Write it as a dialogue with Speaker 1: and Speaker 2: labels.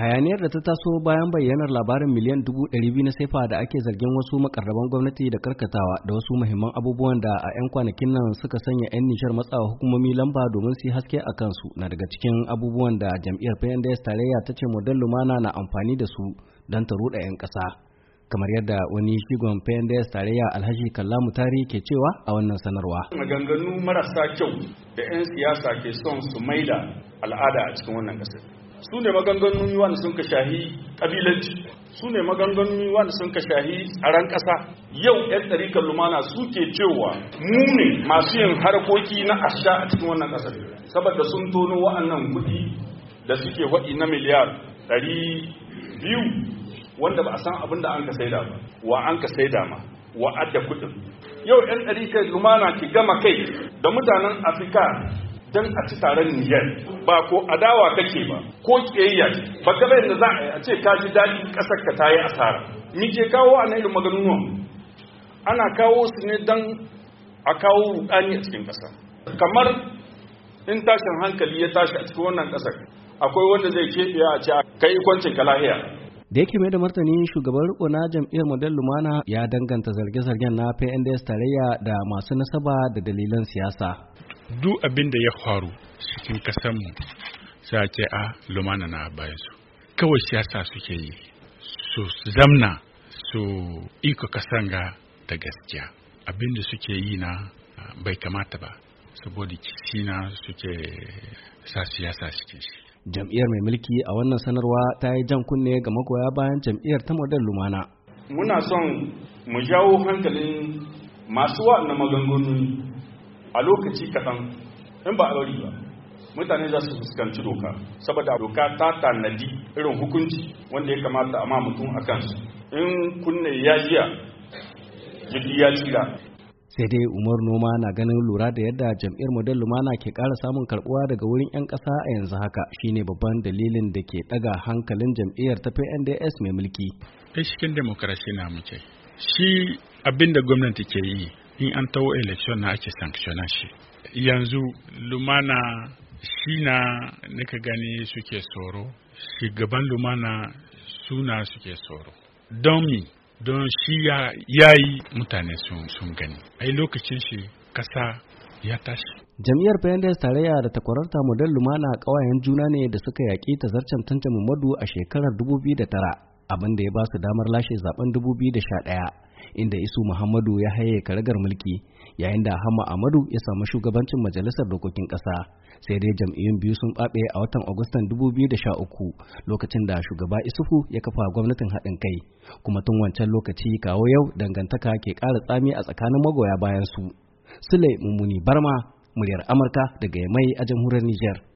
Speaker 1: hayaniyar da ta taso bayan bayyanar labarin miliyan dubu ɗari biyu na sefa da ake zargin wasu makarraban gwamnati da karkatawa da wasu muhimman abubuwan da a 'yan kwanakin nan suka sanya 'yan nishar matsawa hukumomi lamba domin su haske a kansu na daga cikin abubuwan da jam'iyyar pnds tarayya ta ce model lumana na amfani da su don ta ruɗa 'yan ƙasa kamar yadda wani shigon pnds tarayya alhaji kalla mutari ke cewa a wannan sanarwa
Speaker 2: maganganu marasa kyau da 'yan siyasa ke son su maida al'ada a cikin wannan ƙasar su ne maganganun wanda sun ka shahi ƙabilanci su ne maganganun wanda sun ka shahi tsaron ƙasa yau 'yan ɗarikan lumana suke cewa mu ne masu yin harkoki na asha a cikin wannan ƙasar saboda sun tono wa'annan kuɗi da suke waɗi na miliyar ɗari biyu wanda ba a san abin da an ka saida ba wa an ka saida ma wa adda kuɗin yau 'yan ɗarikan lumana ki gama kai da mutanen afirka don a ci taron niyyar ba ko adawa kake ba ko kiyayya ba gaba da za a ce ka ji daɗi ƙasar ka ta yi asara ni ke kawo a nan maganunuwan ana kawo su ne dan a kawo rudani a cikin ƙasa kamar in tashin hankali ya tashi a cikin wannan ƙasar akwai wanda zai ce a ce kai kwancin ka lahiya
Speaker 1: da yake mai da martani shugaban riko na jam'iyyar model lumana ya danganta zarge-zargen na pnds tarayya da masu nasaba da dalilan siyasa
Speaker 3: duk abin da ya faru cikin kasanmu sai ce a ah, lumana na bayan su kawai siyasa suke yi su zamna su iko kasan ga ta gaskiya abin da suke yi na ah, bai kamata ba saboda na suke sa siyasa suke shi
Speaker 1: jam'iyyar mai mulki a wannan sanarwa ta yi jan kunne ga magoya bayan jam'iyyar ta model lumana
Speaker 2: muna son mu jawo hankalin masu wa'annan maganganu a lokaci kaɗan in ba a lori ba mutane za su fuskanci doka saboda doka ta tanadi irin hukunci wanda ya kamata a ma mutum a kansu in kunne ya jiya jirgi ya jira.
Speaker 1: sai dai umar noma na ganin lura da yadda jam'iyyar model lumana ke kara samun karbuwa daga wurin 'yan ƙasa a yanzu haka shine babban dalilin da ke ɗaga hankalin jam'iyyar ta pnds mai mulki
Speaker 3: ai cikin demokarasi na shi abin da gwamnati ke yi in an tawo election na ake sanction shi yanzu lumana shi na nika gani suke tsoro shugaban lumana suna suke tsoro don mi don shi ya yi mutane sun gani ai lokacin shi kasa ya tashi
Speaker 1: Jami'ar Pendes tarayya da takwararta model lumana kawayen juna ne da suka yaƙi ta zarcen tantance Muhammadu a shekarar 2009 abinda ya ba su damar lashe zaben 2011 inda isu muhammadu ya haye karagar mulki yayin da hama amadu ya samu shugabancin majalisar dokokin ƙasa sai dai jam'iyyun biyu sun ɓaɓe a watan agustan 2013 lokacin da shugaba isufu ya kafa gwamnatin haɗin kai kuma tun wancan lokaci kawo yau dangantaka ke ƙara tsami a tsakanin magoya bayan su sule mummuni barma muryar amurka daga mai a jamhuriyar niger